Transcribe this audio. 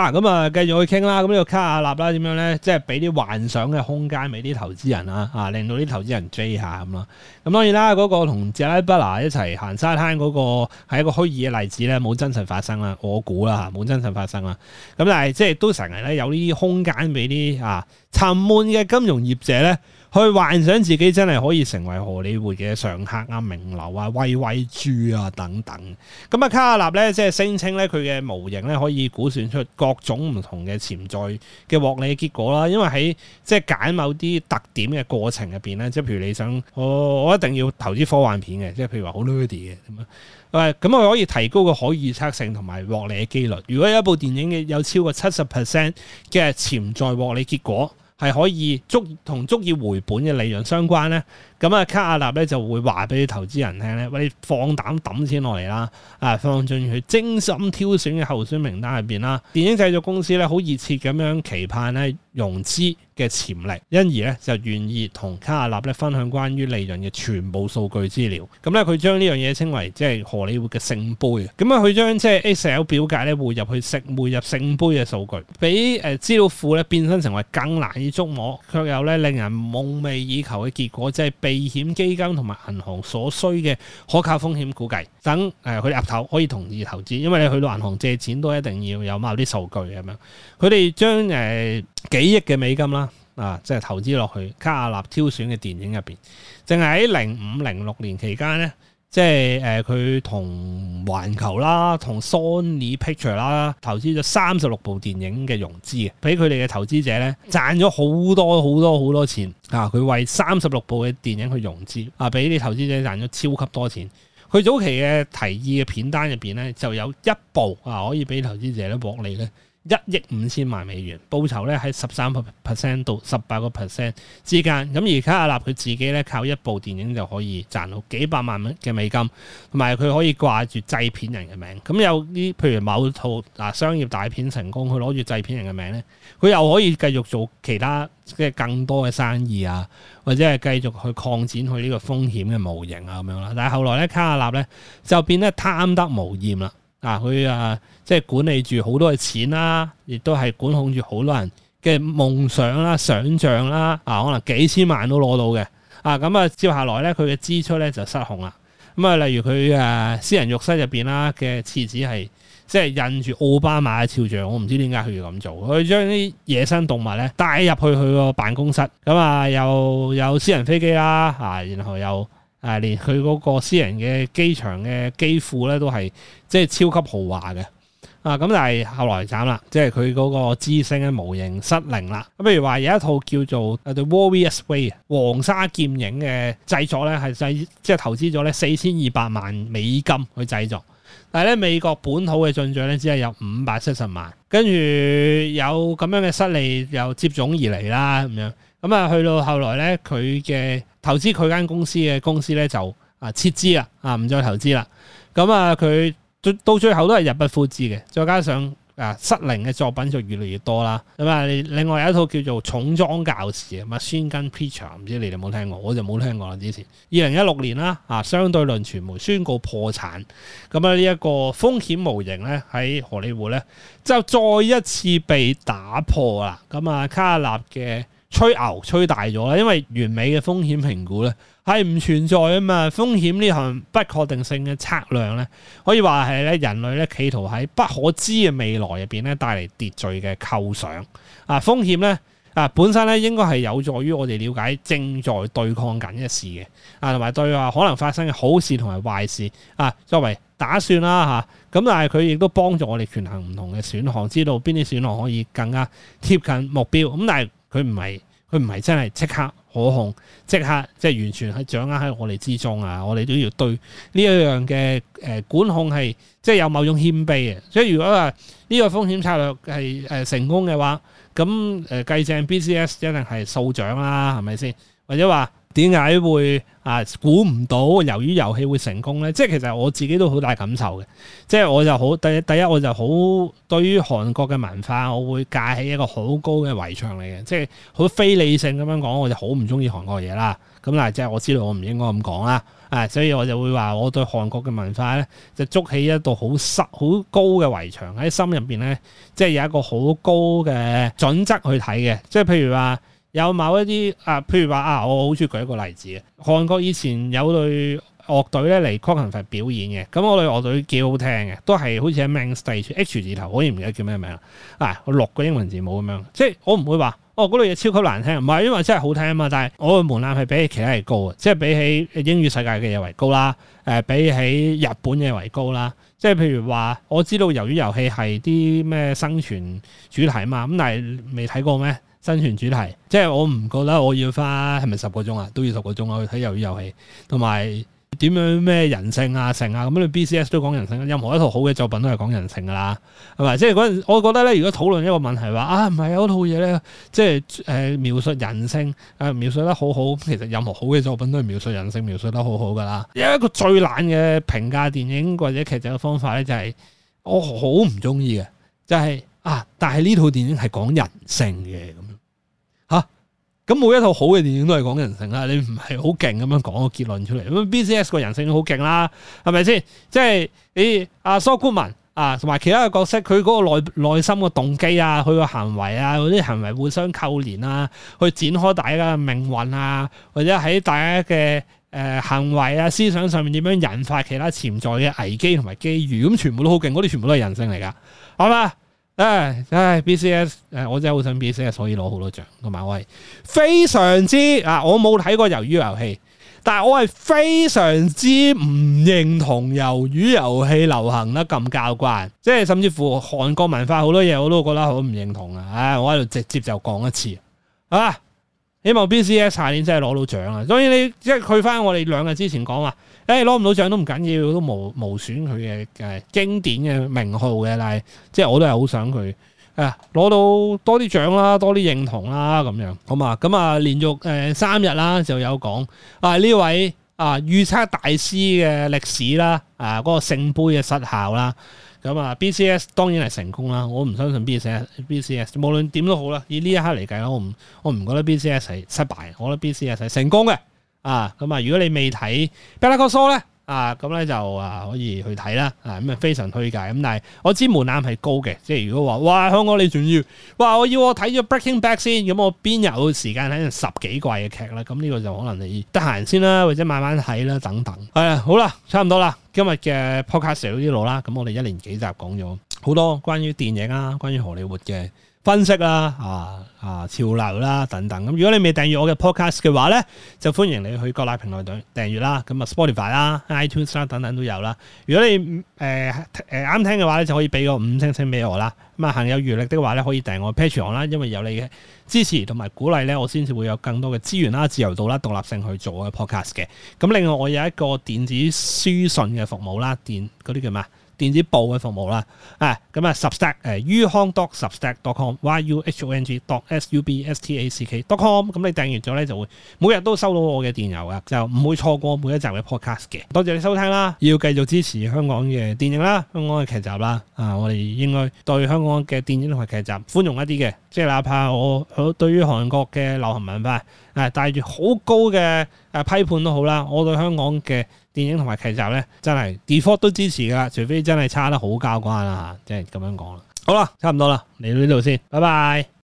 嗱，咁啊、嗯，繼續去傾啦，咁、嗯啊、呢要卡下立啦，點樣咧？即係俾啲幻想嘅空間俾啲投資人啦、啊，嚇、啊，令到啲投資人追下咁咯。咁、啊嗯、當然啦，嗰、嗰個同 J 拉布拉一齊行沙灘嗰個係一個虛擬嘅例子咧，冇真實發生啦，我估啦嚇，冇、啊、真實發生啦。咁、啊、但係即係都成日咧有呢啲空間俾啲啊沉悶嘅金融業者咧。去幻想自己真係可以成為荷里活嘅上客啊、名流啊、威威豬啊等等。咁啊，卡亞納咧即係聲稱咧佢嘅模型咧可以估算出各種唔同嘅潛在嘅獲利結果啦。因為喺即係揀某啲特點嘅過程入邊咧，即係譬如你想，我、哦、我一定要投資科幻片嘅，即係譬如話好 lady 嘅咁啊。喂，咁佢可以提高個可預測性同埋獲利嘅機率。如果有一部電影有超過七十 percent 嘅潛在獲利結果。係可以足同足以回本嘅利潤相關呢，咁啊卡阿立咧就會話俾啲投資人聽呢喂，你放膽抌錢落嚟啦，啊，放進去精心挑選嘅候選名單入邊啦，電影製作公司呢，好熱切咁樣期盼呢。」融資嘅潛力，因而咧就願意同卡亞納咧分享關於利潤嘅全部數據資料。咁咧佢將呢樣嘢稱為即係荷里活嘅聖杯。咁啊佢將即係 Excel 表格咧匯入去聖匯入聖杯嘅數據，俾誒資料庫咧變身成為更難以捉摸，卻有咧令人夢寐以求嘅結果，即係避險基金同埋銀行所需嘅可靠風險估計。等誒佢哋岌頭可以同意投資，因為你去到銀行借錢都一定要有某啲數據咁樣。佢哋將誒。幾億嘅美金啦，啊，即係投資落去卡亞納挑選嘅電影入邊，淨係喺零五零六年期間呢，即係誒佢同環球啦，同 Sony Picture 啦，投資咗三十六部電影嘅融資嘅，俾佢哋嘅投資者呢賺咗好多好多好多錢啊！佢為三十六部嘅電影去融資啊，俾啲投資者賺咗超級多錢。佢早期嘅提議嘅片單入邊呢，就有一部啊可以俾投資者咧獲利呢。一億五千萬美元報酬咧喺十三個 percent 到十八個 percent 之間，咁而卡亞納佢自己咧靠一部電影就可以賺到幾百萬嘅美金，同埋佢可以掛住製片人嘅名，咁有啲譬如某套嗱商業大片成功，佢攞住製片人嘅名咧，佢又可以繼續做其他即係更多嘅生意啊，或者係繼續去擴展佢呢個風險嘅模型啊咁樣啦。但係後來咧，卡亞納咧就變得貪得無厭啦。嗱，佢啊，啊，即係管理住好多嘅錢啦、啊，亦都係管控住好多人嘅夢想啦、啊、想像啦、啊，啊，可能幾千萬都攞到嘅，啊，咁、嗯、啊，接下來咧，佢嘅支出咧就失控啦。咁、嗯、啊，例如佢誒、啊、私人浴室入邊啦嘅廁紙係即係印住奧巴馬嘅肖像，我唔知點解佢要咁做，佢將啲野生動物咧帶入去佢個辦公室，咁、嗯、啊又有，有私人飛機啦、啊，啊，然後又。誒、啊，連佢嗰個私人嘅機場嘅機庫咧，都係即係超級豪華嘅啊！咁但係後來慘啦，即係佢嗰個資性模型失靈啦。咁、啊、譬如話有一套叫做《The Warriors Way》黃沙劍影嘅製作咧，係製即係投資咗咧四千二百萬美金去製作，但係咧美國本土嘅進賬咧只係有五百七十萬，跟住有咁樣嘅失利又接踵而嚟啦咁樣。咁啊，去到後來咧，佢嘅投資佢間公司嘅公司咧就啊撤資啦，啊唔再投資啦。咁啊，佢到最後都係入不敷支嘅。再加上啊失靈嘅作品就越嚟越多啦。咁啊，另外有一套叫做《重裝教士》啊，咪《孫根 Preacher》唔知你哋有冇聽過？我就冇聽過啦。之前二零一六年啦，啊相對論傳媒宣告破產。咁啊，呢一個風險模型咧喺荷里活咧就再一次被打破啦。咁啊，卡納嘅。吹牛吹大咗啦，因為完美嘅風險評估咧係唔存在啊嘛，風險呢項不確定性嘅測量咧，可以話係咧人類咧企圖喺不可知嘅未來入邊咧帶嚟秩序嘅構想啊，風險咧啊本身咧應該係有助於我哋了解正在對抗緊嘅事嘅啊，同埋對啊可能發生嘅好事同埋壞事啊作為打算啦吓，咁、啊、但係佢亦都幫助我哋權衡唔同嘅選項，知道邊啲選項可以更加貼近目標咁，但係。佢唔係，佢唔係真係即刻可控，即刻即係完全係掌握喺我哋之中啊！我哋都要對呢一樣嘅誒管控係，即係有某種謙卑啊。所以如果話呢個風險策略係誒成功嘅話，咁誒計正 B C S 一定係數獎啦，係咪先？或者話？點解會啊估唔到？由於遊戲會成功呢？即係其實我自己都好大感受嘅。即係我就好第第一，我就好對於韓國嘅文化，我會架起一個好高嘅圍牆嚟嘅。即係好非理性咁樣講，我就好唔中意韓國嘢啦。咁嗱，即係我知道我唔應該咁講啦。啊，所以我就會話，我對韓國嘅文化呢，就築起一道好濕好高嘅圍牆喺心入邊呢，即係有一個好高嘅準則去睇嘅。即係譬如話。有某一啲啊，譬如話啊，我好鍾意舉一個例子啊。韓國以前有隊樂隊咧嚟 Korean Festival 表演嘅，咁我隊樂隊幾好聽嘅，都係好似係 M n g s t a 姓 H 字頭，我依家唔記得叫咩名啦。啊，六個英文字母咁樣，即係我唔會話哦，嗰類嘢超級難聽，唔係因為真係好聽啊嘛。但係我嘅門檻係比起其他係高嘅，即係比起英語世界嘅嘢為高啦，誒、呃，比起日本嘢為高啦。即係譬如話，我知道魷魚遊戲係啲咩生存主題啊嘛，咁但係未睇過咩？生存主題，即係我唔覺得我要花係咪十個鐘啊？都要十個鐘啊！去睇魷魚遊戲，同埋點樣咩人性啊、成啊咁？你 B、C、S 都講人性，任何一套好嘅作品都係講人性噶啦，係咪？即係嗰陣，我覺得咧，如果討論一個問題話啊，唔係有套嘢咧，即係誒、呃、描述人性啊、呃，描述得好好，其實任何好嘅作品都係描述人性，描述得好好噶啦。有一個最懶嘅評價電影或者劇集嘅方法咧、就是，就係我好唔中意嘅，就係啊，但係呢套電影係講人性嘅。咁每一套好嘅電影都係講人性啦。你唔係好勁咁樣講個結論出嚟。咁 B C S 個人性都好勁啦，係咪先？即係你阿蘇冠文啊，同埋其他嘅角色，佢嗰個內內心嘅動機啊，佢個行為啊，嗰啲行為互相扣連啊，去展開大家嘅命運啊，或者喺大家嘅誒、呃、行為啊、思想上面點樣引發其他潛在嘅危機同埋機遇，咁全部都好勁，嗰啲全部都係人性嚟㗎，係嘛？唉唉，B C S，誒、啊哎啊，我真係好想 B C S，所以攞好多獎，同埋我係非常之啊，我冇睇過魷魚遊戲，但係我係非常之唔認同魷魚遊戲流行得咁教慣，即係甚至乎韓國文化好多嘢我都覺得好唔認同啊！唉，我喺度直接就講一次啊！希望 B C S 下年真係攞到獎啊！所以你即係去翻我哋兩日之前講話，誒攞唔到獎都唔緊要，都無無損佢嘅誒經典嘅名號嘅，但係即係我都係好想佢啊攞到多啲獎啦，多啲認同啦咁樣好嘛？咁啊連續誒三日啦就有講啊呢位啊預測大師嘅歷史啦，啊嗰個聖杯嘅失效啦。咁啊、嗯、B C S 當然係成功啦，我唔相信 B C S，B C S 無論點都好啦，以呢一刻嚟計啦，我唔我唔覺得 B C S 係失敗，我覺得 B C S 係成功嘅，啊，咁、嗯、啊、嗯，如果你未睇 Better Call Saul 咧？啊，咁咧就啊可以去睇啦，咁啊非常推介。咁、啊、但係我知門檻係高嘅，即係如果話哇香港你仲要，哇，我，哇我要我睇咗 Breaking Bad 先，咁、啊、我邊有時間睇十幾季嘅劇咧？咁、啊、呢、這個就可能你得閒先啦，或者慢慢睇啦等等。係啊，好啦，差唔多啦，今日嘅 Podcast 呢度路啦，咁我哋一連幾集講咗好多關於電影啊，關於荷里活嘅。分析啦，啊啊潮流啦等等。咁如果你未訂閱我嘅 podcast 嘅話呢，就歡迎你去各大平台訂訂閱啦。咁啊 Spotify 啦、iTunes 啦等等都有啦。如果你誒啱、呃、聽嘅話呢，就可以俾個五星星俾我啦。咁啊，行有餘力的話呢，可以訂我 Patreon 我啦。因為有你嘅支持同埋鼓勵呢，我先至會有更多嘅資源啦、自由度啦、獨立性去做我嘅 podcast 嘅。咁另外我有一個電子書信嘅服務啦，電嗰啲叫咩電子報嘅服務啦、啊，啊咁啊 Substack 誒於康 dot substack.com y u h o n g dot s u b s t a c k dot com。咁你訂完咗咧就會每日都收到我嘅電郵啊，就唔會錯過每一集嘅 podcast 嘅。多謝你收聽啦，要繼續支持香港嘅電影啦，香港嘅劇集啦，啊我哋應該對香港嘅電影同埋劇集寬容一啲嘅，即係哪怕我好對於韓國嘅流行文化，誒帶住好高嘅誒批判都好啦，我對香港嘅。電影同埋劇集咧，真係 default 都支持㗎，除非真係差得好交關啦吓，即係咁樣講啦。好啦，差唔多啦，嚟到呢度先，拜拜。